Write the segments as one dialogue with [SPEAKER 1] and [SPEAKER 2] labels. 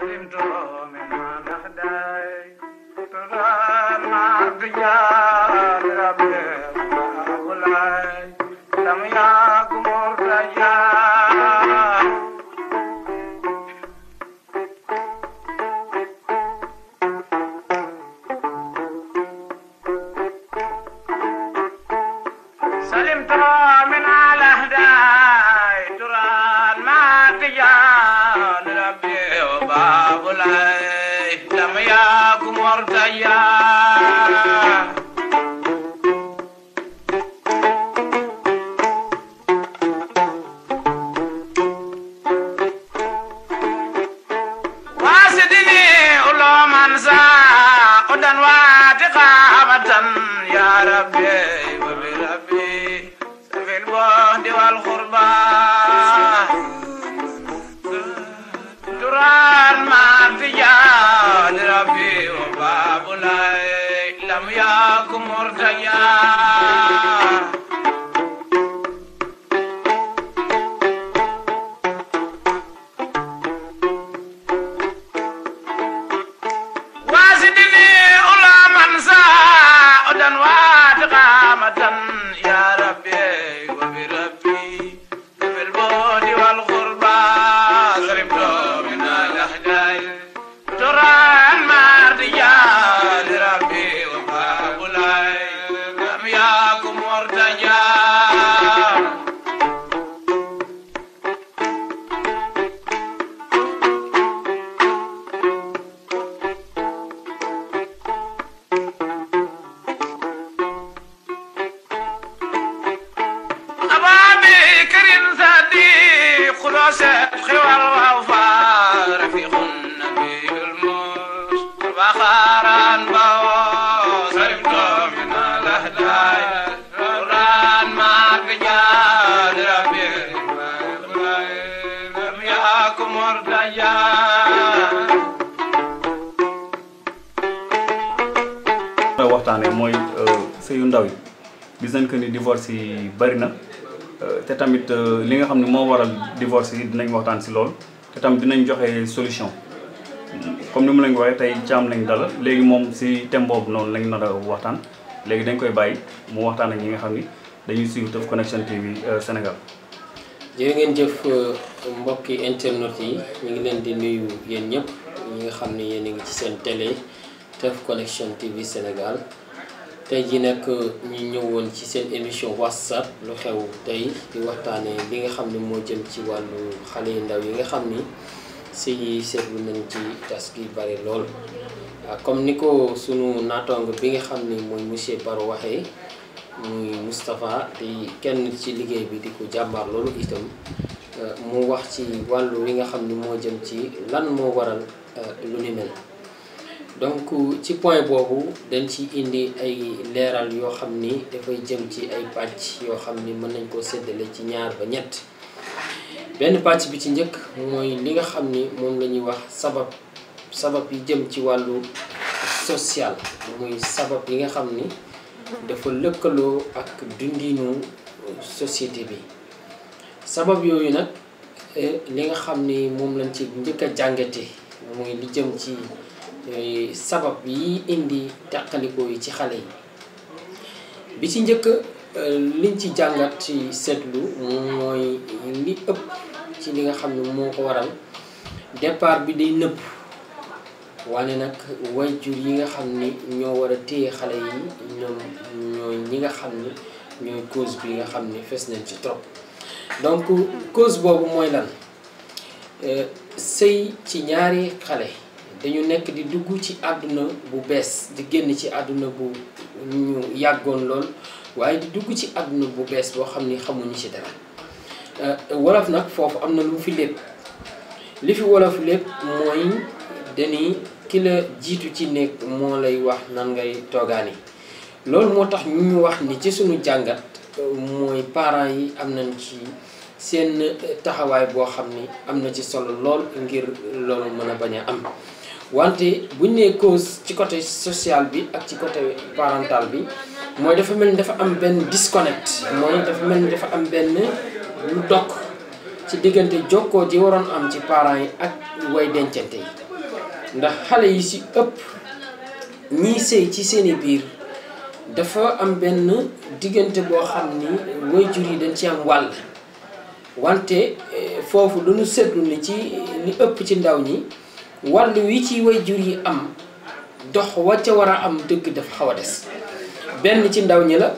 [SPEAKER 1] Doomi maa ndax daay حمدا يا ربي وبربي في البعد والغربة درار ما تجاد ربي وباب لم يكن مرتجا
[SPEAKER 2] divorce yi bari na euh, te tamit euh, li nga xam ne moo waral divorce yi dinañ waxtaan si lool te tamit dinañ joxe solution comme ni mu lañ ko waxee tey caam lañ dala léegi moom si thème boobu noonu lañ nar waxtaan léegi dañ koy bàyyi mu waxtaan ak ñi nga xam ni dañuy suivre Teuf Connection TV euh, Sénégal. jërë ngeen
[SPEAKER 3] jëf mbokki internet yi ñu ngi leen di nuyu yéen ñëpp ñi nga xam ne yéen a ngi ci seen télé Teuf Connection TV Sénégal. tey jii nag euh, ñu ñëwoon ci seen émission whatsapp lu xew tey di waxtaanee li nga xam ne moo jëm ci wàllu xale yu ndaw yi nga xam ni si yi seetlu nañ ci tas gi bari lool. Ah, comme ni ko sunu naataango bi nga xam ni mooy monsieur Baro waxee muy Moustapha di kenn ci liggéey bi di ko jàmbaar loolu itam euh, mu wax ci wàllu wi nga xam ni moo jëm ci lan moo waral euh, lu ni mel. donc ci point boobu dañ ci indi ay leeral yoo xam ni dafay jëm ci ay pàcc yoo xam ni mën nañ koo séddale ci ñaar ba ñett benn pàcc bi ci njëkk mooy li nga xam ni moom la wax sabab sabab yi jëm ci wàllu social muy sabab yi nga xam ni dafa lëkkaloo ak dundinu societé bi sabab yooyu nag eh, li nga xam ni moom lañ ci njëkk a jàngate muy li jëm ci sabab yi indi tàqalikoo yi ci xale yi bi ci njëkk euh, liñ ci jàngat ci seetlu mooy li ëpp ci li nga xam ne moo ko waral départ bi day nëpp wane nag wayjur yi nga xam ni ñoo war a téye xale yi ñoom ñooy ñi nga xam ne ñooy cause bi nga xam ne fes nañ ci trop donc cause boobu mooy lan euh, sëy ci ñaari xale dañu nekk di dugg ci àdduna bu bees di génn ci àdduna bu ñu yàggoon lool waaye di dugg ci àdduna bu bees boo xam ni xamuñu ci dara euh, wolof nag foofu am na lu fi lépp li fi wolof lépp mooy dañuy ki jiitu ci nekk moo lay wax nan ngay toogaani loolu moo tax ñu wax ni ci suñu jàngat mooy parents yi am nañ ci seen taxawaay boo xam ni am na ci solo lool ngir loolu mën a bañ a am wante buñ nee cause ci côté social bi ak ci côté parental bi mooy dafa mel ni dafa am benn disconnect mooy dafa mel ni dafa am benn lu dokk ci diggante jokkoo ji waroon am ci parents yi ak way dencante yi ndax xale yi ci ëpp ñii sëy ci seeni biir dafa am benn diggante boo xam ni waajur yi dañ ci am wàll wante eh, foofu lu ñu seetlu ni ci li ëpp ci ndaw ñi wàllu wi ci way jur yi am dox wa ca war a am dëgg dafa xaw a des benn ci ndaw ñi la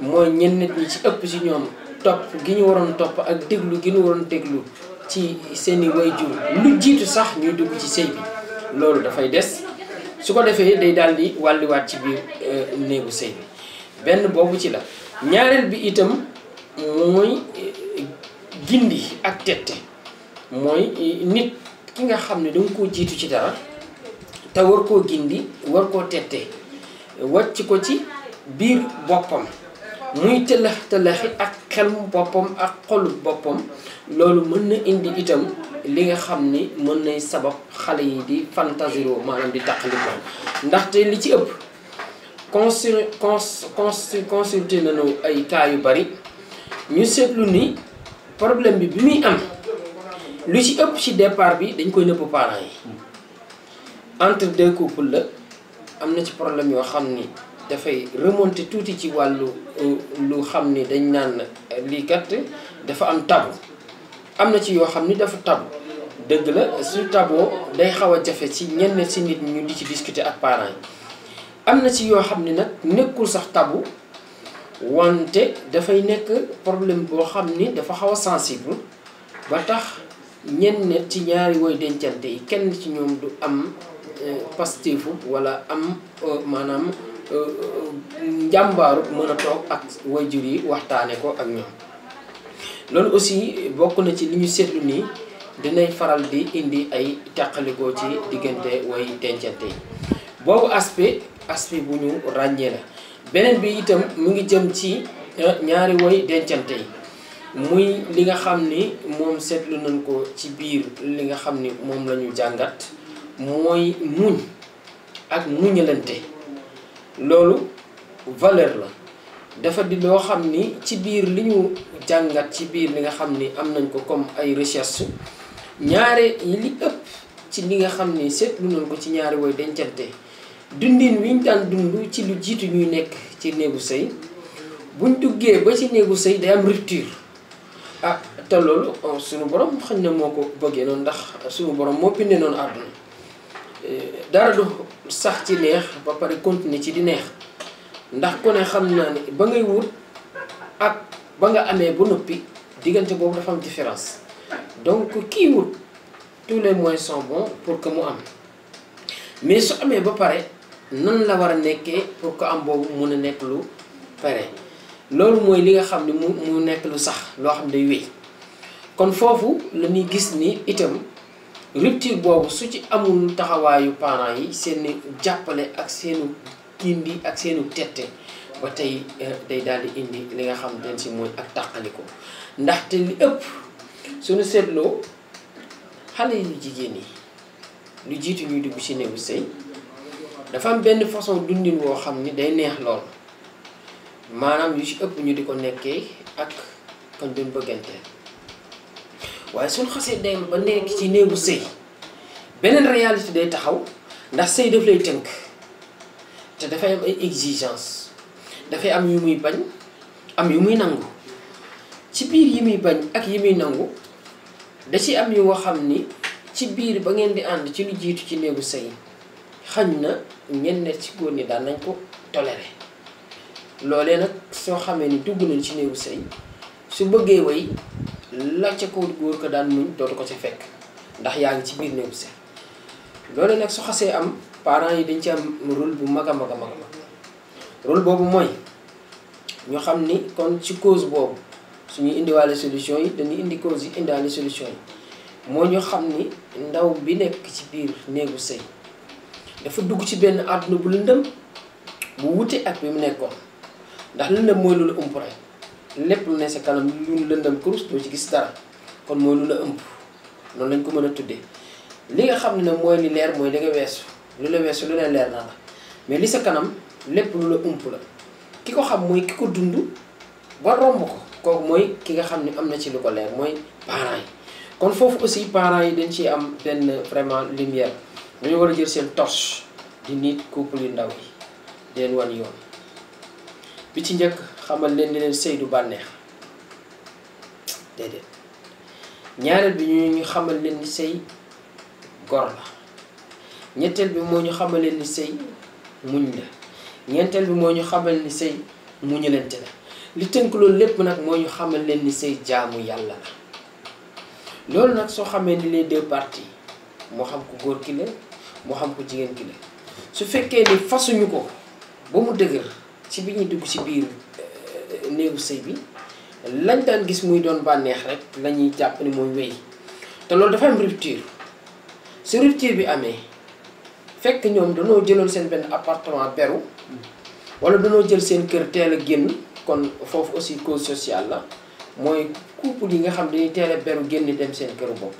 [SPEAKER 3] mooy ñenn ñi ci ëpp ci ñoom topp gi ñu waroon topp ak déglu gi ñu waroon déglu ci seeni way jur lu jiitu sax ñuy dugg ci sëy bi loolu dafay des su ko defee day daal di wàlliwaat ci biir euh, néegu sëy bi benn boobu ci la ñaareel bi itam mooy euh, gindi ak tette mooy euh, nit ki nga xam ne danga ko jiitu ci dara te war koo gindi war koo tette wàcc ko ci biir boppam muy tëllax tëllaxi ak xelum boppam ak xolu boppam loolu mën na indi itam li nga xam ni mën nay sabab xale yi di fantasiro maanaam di tàqalikoo ndaxte li ci ëpp consul consul nañu ay cas yu bari ñu seetlu ni problème bi bi muy am lu ci ëpp ci départ bi dañ koy nëbb parents yi entre deux couples la am na ci problème yoo xam ni dafay remonter tuuti ci wàllu euh, lu xam ni dañ naan euh, lii kat dafa am tabu am na ci yoo xam ni dafa tabu la su taboo day xaw a jafe ci ñenn ci nit ñu di ci discuter ak parents am na ci yoo xam ni nag nekkul sax tabu wante dafay nekk problème boo xam ni dafa xaw a sensible ba tax ñenn ci ñaari woy dencante yi kenn ci ñoom du am euh, pastefu wala am euh, maanaam euh, njàmbaaru mën a toog ak wayjur yi waxtaane ko ak ñoom loolu aussi bokk na ci li ñu seetlu nii dinay faral di indi ay tàqalikoo ci diggante woy dencante yi boobu aspect aspect bu ñu ràññee la beneen bi itam mu ngi jëm ci ñaari woy dencante yi muy li nga xam ni moom seetlu nañ ko ci biir li nga xam ni moom la ñu jàngat mooy muñ ak muñalante loolu valeur la dafa di loo xam ni ci biir li ñu jàngat ci biir li nga xam ni am nañ ko comme ay recherche ñaare li ëpp ci li nga xam ni seetlu nañ ko ci ñaari way dencante dundin wiñ daan dund ci lu jiitu ñuy nekk ci néegu sëy buñ duggee ba ci néegu sëy day am rupture ah te loolu oh, suñu borom xam ne moo ko bëggee noonu ndax suñu borom moo bindee noonu àdduna eh, dara du sax ci neex ba pare continuer ci di neex ndax ku ne xam naa ne ba ngay wut ak ba nga amee ba noppi diggante boobu dafa am différence donc kii wut tous les moyens sont bon pour que mu am mais su amee ba pare nan la war a nekkee pour que am boobu mun a nekk lu pare loolu mooy li nga xam ne mu mu nekk lu sax loo xam ne day wéy kon foofu lañuy gis ni itam rupture boobu su ci amul taxawaayu parent yi seen jàppale ak seenu gindi ak seenu tette ba tey eh, day daal di indi li nga xam den si mooy ak tàqaliko ndaxte li ëpp suñu seetloo xale yu jigéen yi lu jiitu ñuy dugg ci néegu sëy dafa am benn façon dundin woo xam ni day neex lool maanaam yu ci ëpp ñu di ko nekkee ak kañ doon bëggante waaye suñ xasee dem ba nekk ci néegu sëy beneen réalité day taxaw ndax sëy daf lay tënk te dafay am ay exigence dafay am yu muy bañ am yu muy nangu ci biir yi muy bañ ak yi muy nangu da ci am yoo xam ni ci biir ba ngeen di ànd ci lu jiitu ci néegu sëy xañ na ñenn ci góor ñi daan nañ ko toléré loolee nag soo xamee ni dugg nañ ci néegu sëy su bëggee way la ca ko góor ko daan muñ dootu ko ci fekk ndax yaa ngi ci biir néegu sëy loolee nag su xasee am parent yi dañ ci am rôle bu mag a mag a mag a boobu mooy ñoo xam ni kon ci cause boobu suñuy indiwaale solution yi dañuy indi cause yi indiwaale solution yi moo ñu xam ni ndaw bi nekk ci biir néegu sëy dafa dugg ci benn àdduna bu lëndëm bu wute ak bi mu nekkoon ndax lëndëm mooy lu la ëmp rek lépp lu ne sa kanam lu lëndëm kurus doo ci gis dara kon mooy lu la ëmp noonu lañ ko mën a tuddee li nga xam ne mooy li leer mooy li nga weesu lu la weesu lu ne leer naa la mais li sa kanam lépp lu la ëmp la ki ko xam mooy ki ko dund ba romb ko kooku mooy ki nga xam ne am na ci lu ko leer mooy parents yi kon foofu aussi parents yi dañ ci am benn vraiment lumière dañu war a jël seen tos di nit couple yu ndaw yi den bi ci njëkk xamal leen ni leen sëy du bànneex déedéet ñaareel bi ñu ñu xamal leen ni sëy gor la ñetteel bi moo ñu xamal leen ni sëy muñ la ñeenteel bi moo ñu xamal ni sëy muñalante la li tënk loolu lépp nag moo ñu xamal leen ni sëy jaamu yàlla la loolu nag soo xamee ni les deux parties moo xam ku góor ki la moo xam ku jigéen ki la su fekkee ni fasuñu ko ba mu dëgër ci bi ñuy dugg ci biir euh, néegu sëy bi lañ daan gis muy doon bànneex rek lañuy ñuy jàpp ni mooy wéy te loolu dafa am rupture su rupture bi amee fekk ñoom danoo jëloon seen benn appartement beru wala danoo jël seen kër teel a génn kon foofu aussi cause sociale la mooy couple yi nga xam dañuy teel beru génn dem seen këru bopp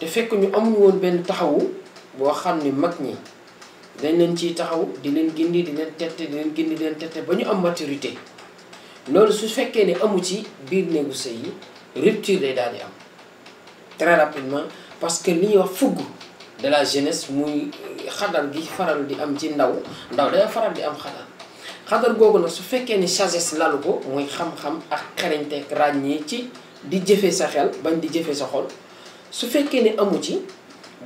[SPEAKER 3] te fekk ñu amuñu woon benn taxawu boo xam ni mag ñi dañ leen ciy taxaw di leen gindi di leen tette di leen gindi leen tette ba ñu am maturité loolu su fekkee ne amu ci biir néegu sëy yi rupture de daal di am très rapidement parce que li ñuy wax fugg de la jeunesse muy euh, xadar gi faral di am ci ndaw ndaw day faral di am xadar xadar googu nag su fekkee ni sagesse lal ko muy xam-xam ak xereñteeg ràññee ci di jëfe sa xel bañ di jëfee sa xol su fekkee ne amu ci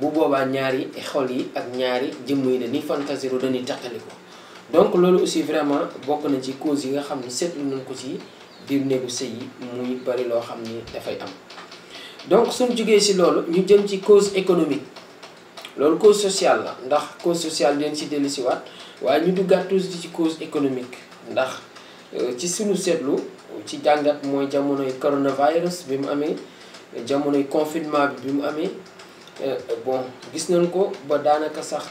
[SPEAKER 3] bu boobaa ñaari xol yi ak ñaari jëmm yi dañuy fantasiro dañuy teqaliko donc loolu aussi vraiment bokk na ci cause yi nga xam ni seetlu nañ ko ci biir néegu sëy yi muy bari loo xam ni dafay am donc suñ jugee si loolu ñu jëm ci cause économique loolu cause social la ndax cause sociale leen si dellu si waat waaye ñu duggaat tous ci cause économique ndax euh, ci suñu seetlu ci jàngat mooy jamonoy coronavirus bi mu amee jamonoy confinement bi bi mu amee Euh, bon gis nañ ko ba daanaka sax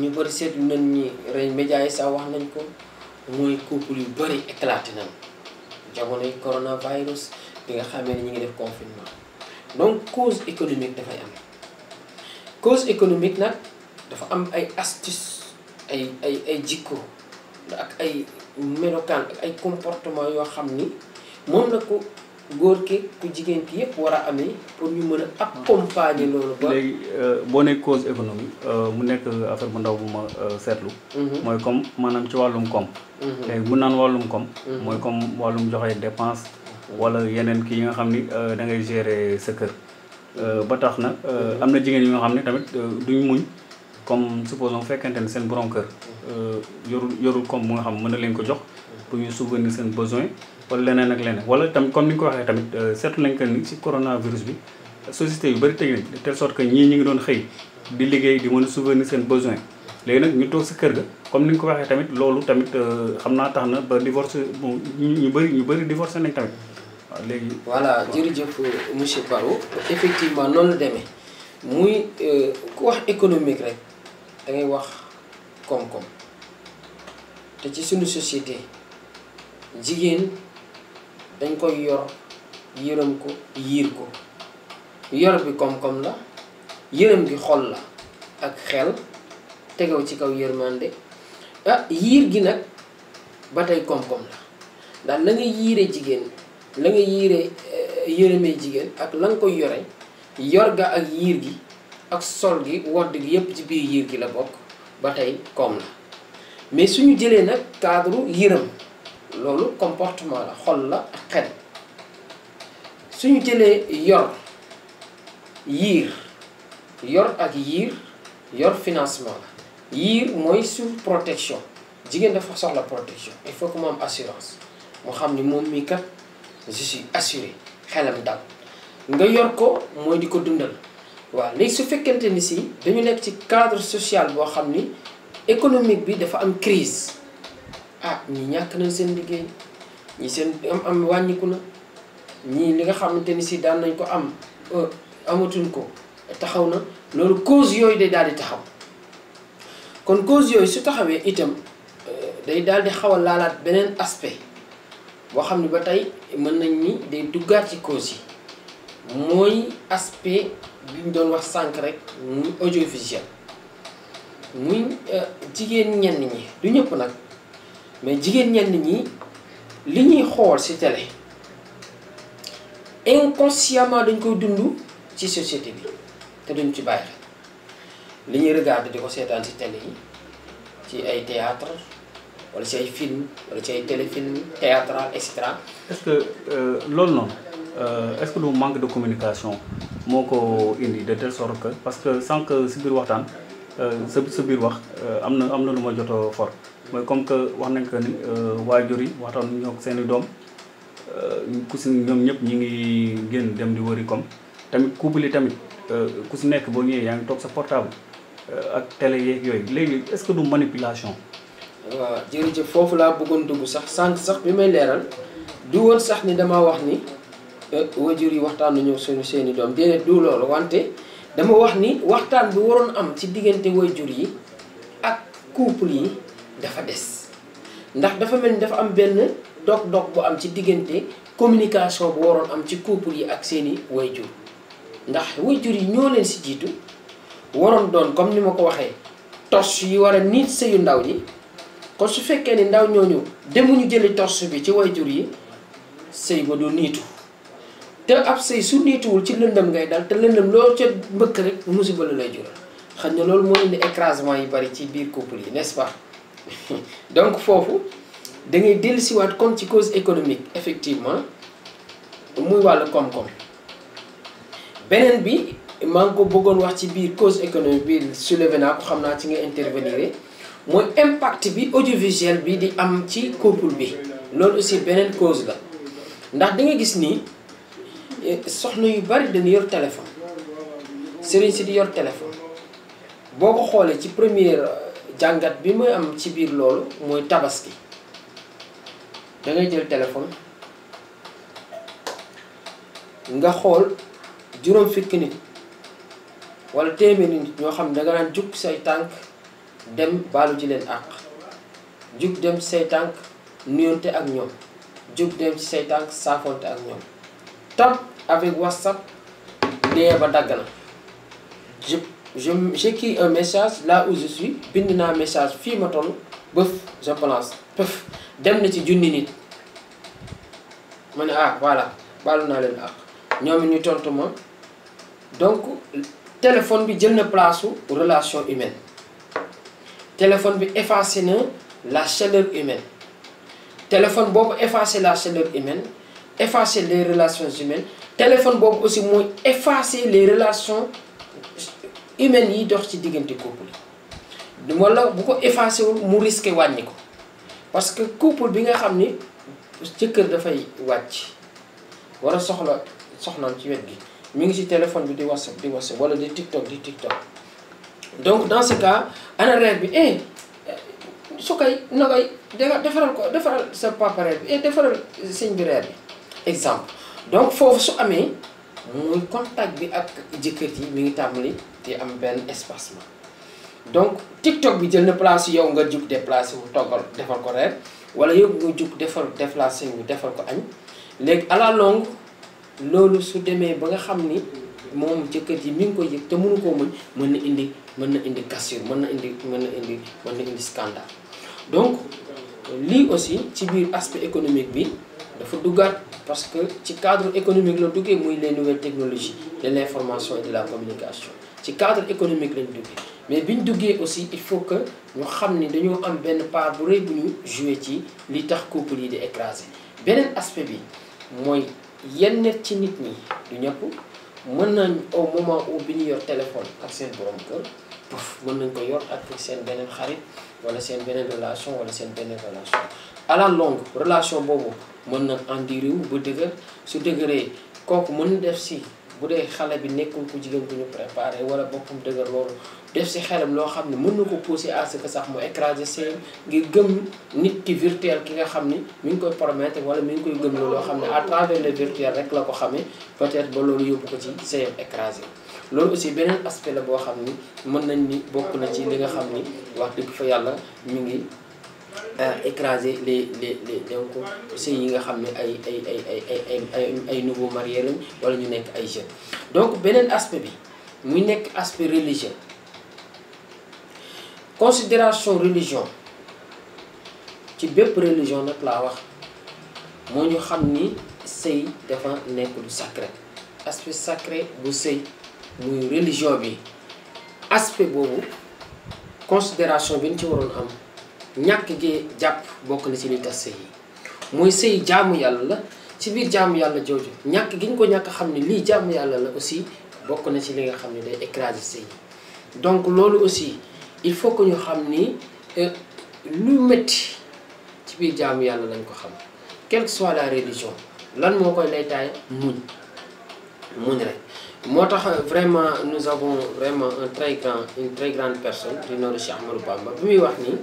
[SPEAKER 3] ñu bëri seetlu nañ ñi rey média yi sax wax nañ ko mooy couple yu bëri éclaté nañ jamonoy coronavirus bi nga xamee ne ñu ngi def confinement donc cause économique dafay am cause économique nag dafa am ay astuce ay ay ay jikko ak ay melokaan ak ay comportement yoo xam ni moom la ko góor ki ku jigéen ki yëpp war a amee pour ñu mën faa accompagner loolu ba
[SPEAKER 2] léegi euh, boo nekk cause économique euh, mu nekk affaire bu ndaw bu ma euh, seetlu mhm. mooy comme maanaam ci wàllum koom léegi mhm. naan wàllum koom mhm. mooy comme wàllum joxe dépense wala yeneen kii yi nga xam ni da ngay gérer sa kër ba tax na am na jigéen yi xam ne tamit duñ muñ comme supposons fekkente ne seen borom kër yorul yorul koom bu nga xam mën na leen ko jox pour ñu souvenir seen besoin wala leneen ak leen wala tam comme ni nga ko waxee tamit euh, seetlu nañ que ni si coronavirus bi société yu bëri tëj nañ de telle que ñii ñu ngi doon xëy di liggéey di mën a seen besoin léegi nag ñu toog si kër ga comme ni nga ko waxee tamit loolu tamit euh, xam naa tax na ba divorce bon ñu bëri ñu bëri divorce nañ tamit waaw léegi voilà
[SPEAKER 3] jërëjëf monsieur Barro effectivement noonu la demee muy euh, ku wax économique rek da wax koom-koom te ci suñu société jigéen dañ koy yor yërëm ko yiir ko yor bi koom-koom la yërëm bi xol la ak xel tegaw ci kaw yërmande ah yiir gi nag ba tey koom-koom la ndax la nga yiire jigéen la nga yiire eh, yërëmee jigéen ak la nga koy yore yor ga ak yiir gi ak sol gi wodd gi yépp ci biir yiir gi la bokk ba tey koom la mais suñu jëlee nag cadre yërëm loolu comportement la xol la ak xel suñu jëlee yor yiir yor ak yiir yor financement la yiir mooy sur protection jigéen dafa soxla protection il faut que moo am assurance moo xam ni moom mii kat je suis xelam dal nga yor ko mooy di ko dundal waaw léegi su fekkente ni si dañu nekk ci cadre social boo xam ni économique bi dafa am crise ah ñi ñàkk nañ seen liggéey ñi seen am am wàññiku na ñii li nga xamante ni si daan nañ ko am euh, amatuñ ko taxaw na loolu cause yooyu day daal di taxaw kon cause yooyu su taxawee itam euh, day daal di xaw a laalaat beneen aspect boo xam ne ba tey mën nañ ni day duggaat ci cause yi mooy aspe bi ñu doon wax sànq rek muy audiovisuel muy euh, jigéen ñenn ñi du ñëpp nag mais jigéen ñenn ñi li ñuy xool ci télé inconsciemment dañ koy dund ci société bi te duñ ci bàyyi xel li ñuy regarder di ko seetaan ci télé yi ci ay théâtre wala ci ay film wala ci ay téléfilm théâtral et est-ce
[SPEAKER 2] que euh, loolu noonu euh, est-ce que lu manque de communication moo ko indi de telle sorte que parce que sànq ci biir waxtaan euh, sa sa biir wax am na am na lu ma jot a fort. mooy comme que wax nañ que euh, waajur yi waxtaan ñoo seen i doom euh, ku si ñoom ñëpp ñi ngi génn dem di wëri comme tamit couple yi tamit euh, ku si nekk boo ñëwee yaa sa portable ak télé yooyu léegi est-ce que du manipulation. waaw jërëjëf foofu laa bëggoon dugg sax
[SPEAKER 3] sànq sax bi may leeral du sax ni damaa wax ni waajur yi waxtaan nañoo suñu seeni doom déedéet du loolu wante dama wax ni waxtaan bi waroon am ci diggante waajur yi ak couple yi. dafa des ndax dafa mel ni dafa am benn dog-dog bu am ci diggante communication bu waroon am ci couple yi ak seeni wayjur ndax way jur yi ñoo leen si jiitu waroon doon comme ni ma ko waxee tors yi war a nit sëyu ndaw yi kon su fekkee ni ndaw ñooñu demuñu jëli tors bi ci jur yi sëy ba du niitu te ab sëy su niituwul ci lëndëm ngay dal te lëndëm loo ca mbëkk rek musiba la lay jural xam ne loolu moo indi écrasement yi bari ci biir couple yi nes pa donc foofu dangay ngay dellusiwaat kon ci cause économique effectivement muy wàll koom-koom beneen bi maa ngi ko bëggoon wax ci biir cause économique biir soulevé naa ko xam naa ci nga intervenir mooy impact bi audiovisuel bi di am ci couple bi loolu aussi beneen cause la ndax da nga gis ni soxna yu bari dañu yor téléphone sëriñ si di yor téléphone boo ko xoolee ci première. jàngat bi muy am ci biir loolu mooy tabaski da ngay jël téléphone nga xool juróom fukki nit wala téeméeri nit ñoo xam ne danga naan jug say tànk dem baalu ji leen àq jug dem say tànk nuyonte ak ñoom jug dem ci say tànk saafonte ak ñoom tap avec whatsapp dee ba dagg na jub j'écris un message la où je suis bind naa message fii ma toll bëf je pense pëf dem na ci junni nit ma ne ah voilà baalu naa leen ah ñoom ñu tontu ma donc téléphone bi jël na place su relation humaine téléphone bi effacé la chaleur humaine téléphone boobu effacé la e humaine effacé les relations humaines téléphone boobu aussi mooy effacé les relations humaine yi dox ci diggante couple yi wala bu ko effacé wul mu risqué wàññi ko parce que couple bi nga xam ni jëkkër dafay wàcc war a soxla soxnaam ci wet gi mu ngi ci téléphone bi di whatsapp di whatsapp wala di tiktok di tiktok donc dans ce cas ana reer bi eh, su koy na defaral ko defaral sa papa reer bi eh, defaral sëñ bi reer bi exemple donc foofu su amee muy contact bi ak jëkkër yi mi ngi tàmbali te am benn espacement donc TikTok bi jël na place yow nga jug déplacé wu toggal defal ko reer wala yow nga jug defal déplacé wu defal ko añ léegi à loolu su demee ba nga xam ni moom jëkkër ji mi ngi ko yëg te mënu koo muñ mën na indi mën na indi cassure mën na indi mën na indi mën na indi scandale donc lii aussi ci biir aspect économique bi dafa duggat parce que ci cadre économique la duggee muy leen nouvelles technologies de l'information de la communication ci cadre économique lañ duggee mais ñu duggee aussi il faut que ñu xam ni dañoo am benn part bu rëy bu ñu joué ci li tax couple yi di écrasé beneen aspect bi mooy yenn ci nit ñi du ñëpp mën nañ au moment où bi ñu yor téléphone ak seen borom kër pof mën nañ ko yor ak seen beneen xarit wala seen beneen relation wala seen beneen relation à longue relation boobu mën na endurer wu ba dëgër su dëgëree kooku mën na def si bu dee xale bi nekkul ku jigéen ku ñu préparé wala boppam dëgër loolu def si xelam loo xam ne mën na ko pousser à que sax mu écraser seen ngir gëm nit ki virtuel ki nga xam ni mi ngi koy promettre wala mi ngi koy gëm loo xam ne à travers le virtuel rek la ko xamee peut-être ba loolu yóbbu ko ci seen écrasé loolu aussi beneen aspect la boo xam ni mën nañ ni bokk na ci li nga xam ni wax dëgg fa yàlla ñu ngi. Euh, écraser les les les donc sëy yi nga xam ne ay ay ay ay ay ay ay nouveau marié lañ wala ñu nekk ay jeunes. donc beneen aspect bi muy nekk aspect religieux considération religion ci bépp religion nag laa wax moo ñu xam ni sëy dafa nekkul lu sacré aspect sacré bu sëy muy religion bi aspect boobu consideration bi ni ci waroon am. ñàkk gi jàpp bokk na ci li tas sëy yi mooy sëy jàmm yàlla la ci biir jàmm yàlla jooju ñàkk gi ñu ko ñàkk xam ni lii jàmm yàlla la aussi bokk na ci li nga xam ne day écraser sëy yi donc loolu aussi il faut que ñu xam ni euh, lu metti ci biir jàmm yàlla lañ ko xam quelle que soit la religion lan moo koy lay taay muñ muñ rek moo tax euh, vraiment nous avons vraiment un très grand une très personne di nooru Cheikh Amadou Bamba bi muy wax nii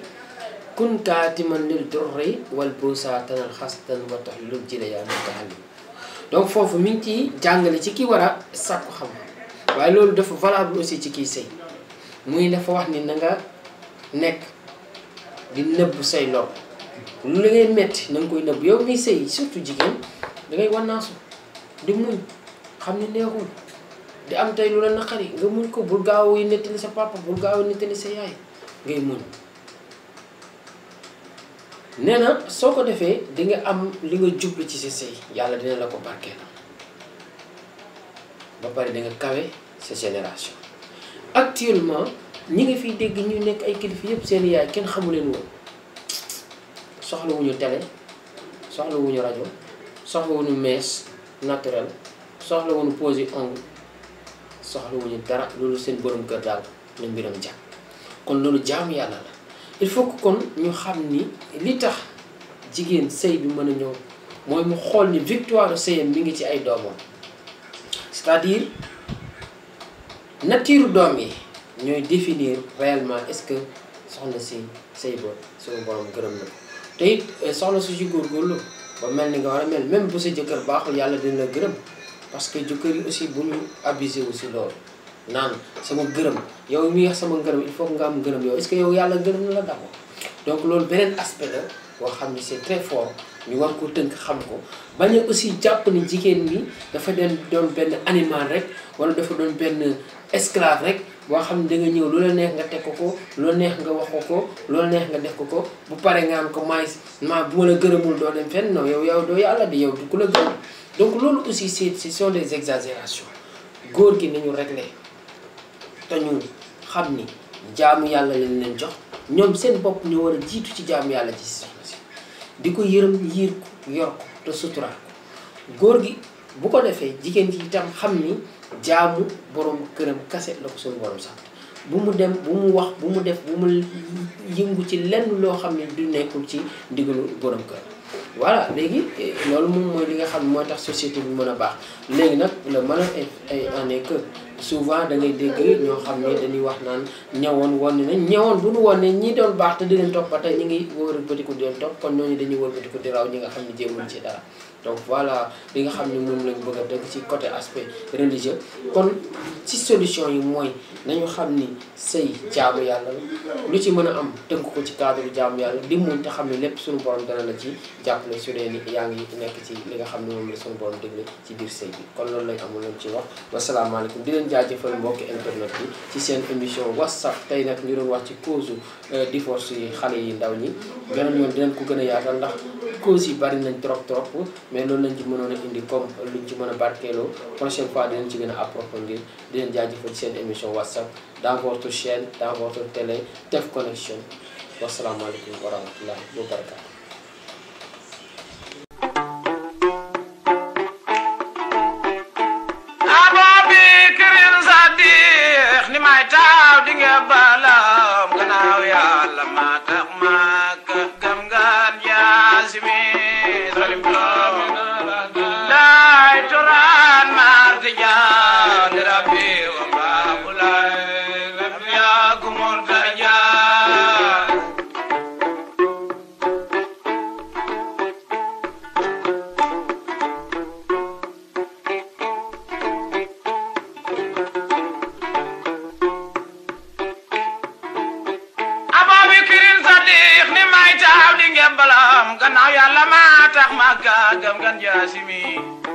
[SPEAKER 3] kun kaatiman lil durri wal buusa tanal xastan wa tax lul jile yaa mutahallim donc foofu mi ngi ciy jàngale ci ki war a sàkku waaye loolu dafa valable aussi ci kiy sëy muy dafa ni na nekk di nëbb say lor lu la ngay metti na nga koy nëbb yow ngay sëy surtout jigéen da ngay wannaasu di muñ xam ne neexul di am tey lu la naqari nga muñ ko bu gaaw yi nettali sa papa bul gaaw yi nettali sa yaay ngay muñ nee na soo ko defee dinga am li nga jublu ci sa sëy yàlla dina la ko barkeel ba pare di kawe sa génération actuellement ñi nga fi dégg ñu nekk ay kilifa yëpp seen yaay kenn xamu leen woon soxlawuñu télé soxlawuñu rajo soxlawuñu mees naturel soxlawuñu posé ongle soxlawuñu dara loolu seen borom kër daal na mbiram jàpp kon loolu jaamu yàlla la. il faut que kon ñu xam ni li tax jigéen sëy bi mën a ñëw mooy mu xool ni victoire sëyam mi ngi ci ay doomam c'est-à-dire doom yi ñooy définir réellement est-ce que soxna si sëy ba suñu borom gërëm na ko te it euh, soxna su ci góorgóorlu ba mel ni nga war a mel même bu sa jëkkër baaxul yàlla dina la gërëm parce que jëkkër yi aussi bu ñu abusé wu si loolu naan sama gërëm yow miy wax sama gërëm il faut nga am gërëm yow est ce yàlla gërëm na la d'abord donc loolu beneen aspect la boo xam ni c'est très fort ñu war ko tënk xam ko bañ a aussi jàpp ni jigéen bi dafa den doon benn animal rek wala dafa doon benn esclave rek boo xam ne da nga ñëw lu la neex nga teg ko ko lu neex nga wax ko ko lu neex nga def ko ko bu pare nga ko maay maa bu ma la gërëmul doo dem fenn yow yow doo yàlla di yow du ku la loolu aussi seet ce sont des exagérations góor gi nañu réglé te ñu xam ni jaamu yàlla leen leen jox ñoom seen bopp ñu war a jiitu ci jaamu yàlla ci di ko yërëm yiir ko yor ko te suturaal ko góor gi bu ko defee jigéen ji itam xam ni jaamu borom këram kase la ko suñu borom sax bu mu dem bu mu wax bu mu def bu mu yëngu ci lenn loo xam ne du nekkul ci ndigalu borom kër voilà léegi loolu moom mooy li nga xam ne mooy tax société bu mën a baax léegi nag la malheur est en est que souvent da ngay dégg ñoo xam ne dañuy wax naan ñawoon wane nañ ñawoon bu ñu wane ñi doon baax te di leen topp ba tey ñu ngi wëlbatiku di leen topp kon ñooñu dañuy wëlbatiku di raw ñi nga xam ne jéemuñ ci dara. donc voilà li nga xam ne moom lañu bëgg a tënk ci côté aspect religieux kon ci solution yi mooy nañu xam ni sëy jaamu yàlla lu ci mën a am tënk ko ci cadre jaamu yàlla di muñ te xam ne lépp suñu borom dana la ci jàppale su dee ni yaa ngi nekk ci li nga xam ne moom la suñu borom digle ci biir sëy bi kon loolu lañ amul lañ ci wax wasalaamaaleykum di leen jaajëfal mbokki internet bi ci seen émission whatsapp tey nag ñu doon wax ci cause euh, divorce yi xale yi ndaw ñi beneen yoon dinañ ko gën a yaatal ndax cause yi bari nañ trop trop mais loolu lañ ci mënoon indi comme luñ ci mën a barkeeloo prochaine fois dinañ ci gën a approfondir di leen jaajëfal ci seen émission whatsapp dans votre chaîne dans votre télé Teuf Connection wasalaamaaleykum wa la wa barakatu
[SPEAKER 1] diamkan ya Asimi.